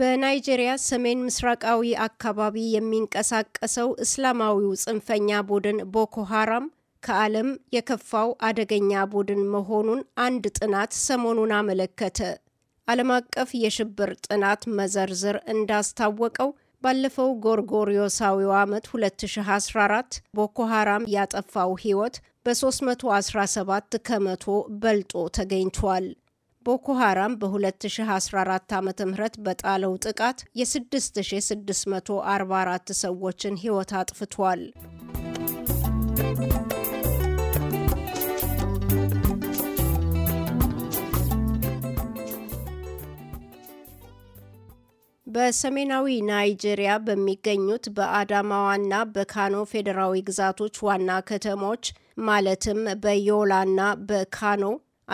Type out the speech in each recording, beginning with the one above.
በናይጄሪያ ሰሜን ምስራቃዊ አካባቢ የሚንቀሳቀሰው እስላማዊው ጽንፈኛ ቡድን ቦኮ ሃራም ከዓለም የከፋው አደገኛ ቡድን መሆኑን አንድ ጥናት ሰሞኑን አመለከተ። ዓለም አቀፍ የሽብር ጥናት መዘርዝር እንዳስታወቀው ባለፈው ጎርጎሪዮሳዊው ዓመት 2014 ቦኮ ሃራም ያጠፋው ሕይወት በ317 ከመቶ በልጦ ተገኝቷል። ቦኮ ሀራም በ2014 ዓ ም በጣለው ጥቃት የ6644 ሰዎችን ሕይወት አጥፍቷል። በሰሜናዊ ናይጄሪያ በሚገኙት በአዳማዋና በካኖ ፌዴራዊ ግዛቶች ዋና ከተሞች ማለትም በዮላና በካኖ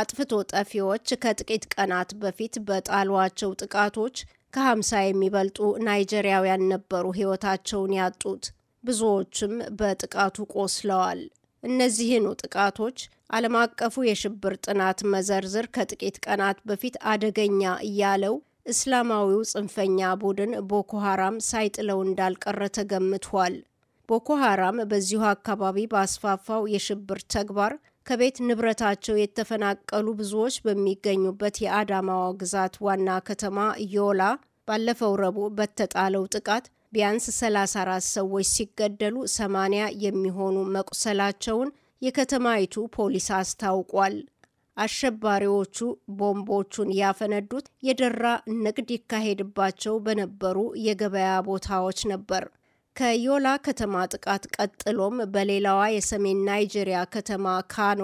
አጥፍቶ ጠፊዎች ከጥቂት ቀናት በፊት በጣሏቸው ጥቃቶች ከ50 የሚበልጡ ናይጄሪያውያን ነበሩ ሕይወታቸውን ያጡት። ብዙዎችም በጥቃቱ ቆስለዋል። እነዚህኑ ጥቃቶች ዓለም አቀፉ የሽብር ጥናት መዘርዝር ከጥቂት ቀናት በፊት አደገኛ እያለው እስላማዊው ጽንፈኛ ቡድን ቦኮ ሳይጥለው እንዳልቀረ ተገምቷል። ቦኮ በዚሁ አካባቢ ባስፋፋው የሽብር ተግባር ከቤት ንብረታቸው የተፈናቀሉ ብዙዎች በሚገኙበት የአዳማዋ ግዛት ዋና ከተማ ዮላ ባለፈው ረቡዕ በተጣለው ጥቃት ቢያንስ 34 ሰዎች ሲገደሉ 80 የሚሆኑ መቁሰላቸውን የከተማይቱ ፖሊስ አስታውቋል። አሸባሪዎቹ ቦምቦቹን ያፈነዱት የደራ ንግድ ይካሄድባቸው በነበሩ የገበያ ቦታዎች ነበር። ከዮላ ከተማ ጥቃት ቀጥሎም በሌላዋ የሰሜን ናይጄሪያ ከተማ ካኖ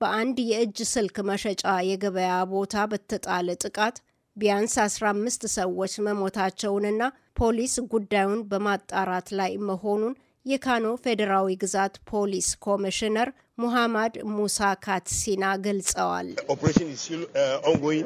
በአንድ የእጅ ስልክ መሸጫ የገበያ ቦታ በተጣለ ጥቃት ቢያንስ 15 ሰዎች መሞታቸውንና ፖሊስ ጉዳዩን በማጣራት ላይ መሆኑን የካኖ ፌዴራዊ ግዛት ፖሊስ ኮሚሽነር ሙሐማድ ሙሳ ካትሲና ገልጸዋል። uh,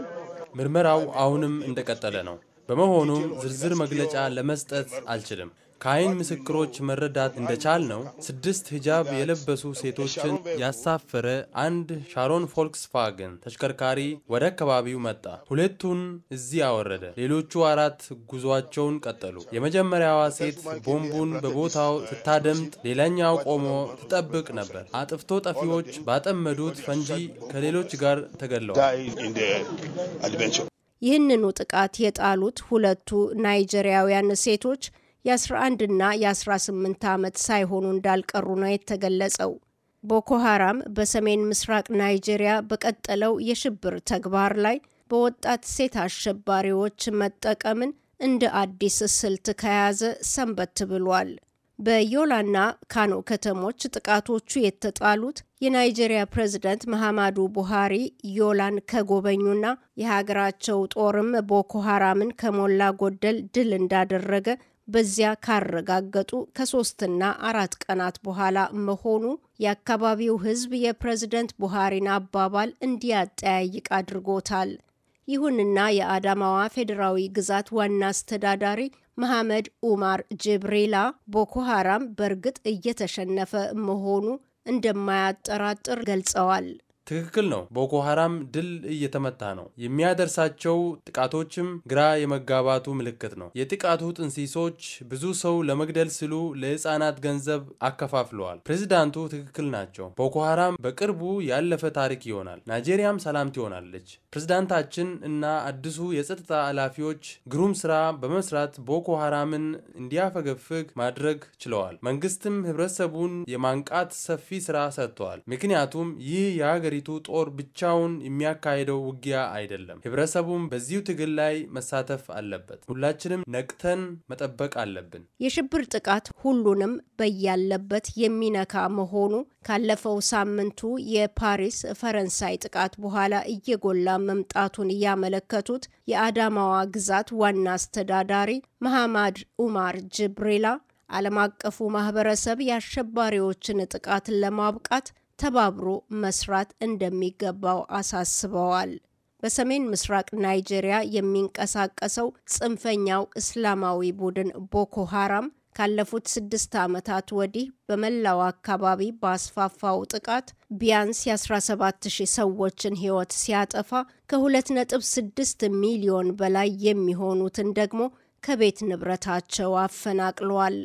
ምርመራው አሁንም እንደቀጠለ ነው። በመሆኑም ዝርዝር መግለጫ ለመስጠት አልችልም። ከአይን ምስክሮች መረዳት እንደቻል ነው ስድስት ሂጃብ የለበሱ ሴቶችን ያሳፈረ አንድ ሻሮን ፎልክስቫገን ተሽከርካሪ ወደ አካባቢው መጣ። ሁለቱን እዚህ አወረደ። ሌሎቹ አራት ጉዟቸውን ቀጠሉ። የመጀመሪያዋ ሴት ቦምቡን በቦታው ስታደምጥ፣ ሌላኛው ቆሞ ትጠብቅ ነበር። አጥፍቶ ጠፊዎች ባጠመዱት ፈንጂ ከሌሎች ጋር ተገለዋል። ይህንኑ ጥቃት የጣሉት ሁለቱ ናይጄሪያውያን ሴቶች የ11ና የ18 ዓመት ሳይሆኑ እንዳልቀሩ ነው የተገለጸው። ቦኮ ሃራም በሰሜን ምስራቅ ናይጄሪያ በቀጠለው የሽብር ተግባር ላይ በወጣት ሴት አሸባሪዎች መጠቀምን እንደ አዲስ ስልት ከያዘ ሰንበት ብሏል። በዮላና ካኖ ከተሞች ጥቃቶቹ የተጣሉት የናይጄሪያ ፕሬዝደንት መሐማዱ ቡሃሪ ዮላን ከጎበኙና የሀገራቸው ጦርም ቦኮ ሃራምን ከሞላ ጎደል ድል እንዳደረገ በዚያ ካረጋገጡ ከሶስትና አራት ቀናት በኋላ መሆኑ የአካባቢው ሕዝብ የፕሬዝደንት ቡሃሪን አባባል እንዲያጠያይቅ አድርጎታል። ይሁንና የአዳማዋ ፌዴራዊ ግዛት ዋና አስተዳዳሪ መሐመድ ኡማር ጅብሪላ ቦኮ በእርግጥ እየተሸነፈ መሆኑ እንደማያጠራጥር ገልጸዋል። ትክክል ነው። ቦኮ ሀራም ድል እየተመታ ነው። የሚያደርሳቸው ጥቃቶችም ግራ የመጋባቱ ምልክት ነው። የጥቃቱ ጥንሲሶች ብዙ ሰው ለመግደል ሲሉ ለህፃናት ገንዘብ አከፋፍለዋል። ፕሬዚዳንቱ ትክክል ናቸው። ቦኮ ሀራም በቅርቡ ያለፈ ታሪክ ይሆናል። ናይጄሪያም ሰላም ትሆናለች። ፕሬዚዳንታችን እና አዲሱ የጸጥታ ኃላፊዎች ግሩም ስራ በመስራት ቦኮ ሀራምን እንዲያፈገፍግ ማድረግ ችለዋል። መንግስትም ህብረተሰቡን የማንቃት ሰፊ ስራ ሰጥተዋል። ምክንያቱም ይህ የሀገሪ የሀገሪቱ ጦር ብቻውን የሚያካሄደው ውጊያ አይደለም። ህብረተሰቡም በዚሁ ትግል ላይ መሳተፍ አለበት። ሁላችንም ነቅተን መጠበቅ አለብን። የሽብር ጥቃት ሁሉንም በያለበት የሚነካ መሆኑ ካለፈው ሳምንቱ የፓሪስ ፈረንሳይ ጥቃት በኋላ እየጎላ መምጣቱን እያመለከቱት የአዳማዋ ግዛት ዋና አስተዳዳሪ መሐማድ ኡማር ጅብሪላ ዓለም አቀፉ ማህበረሰብ የአሸባሪዎችን ጥቃት ለማብቃት ተባብሮ መስራት እንደሚገባው አሳስበዋል። በሰሜን ምስራቅ ናይጄሪያ የሚንቀሳቀሰው ጽንፈኛው እስላማዊ ቡድን ቦኮ ሃራም ካለፉት ስድስት ዓመታት ወዲህ በመላው አካባቢ ባስፋፋው ጥቃት ቢያንስ የ17 ሺህ ሰዎችን ሕይወት ሲያጠፋ ከ2.6 ሚሊዮን በላይ የሚሆኑትን ደግሞ ከቤት ንብረታቸው አፈናቅሏል።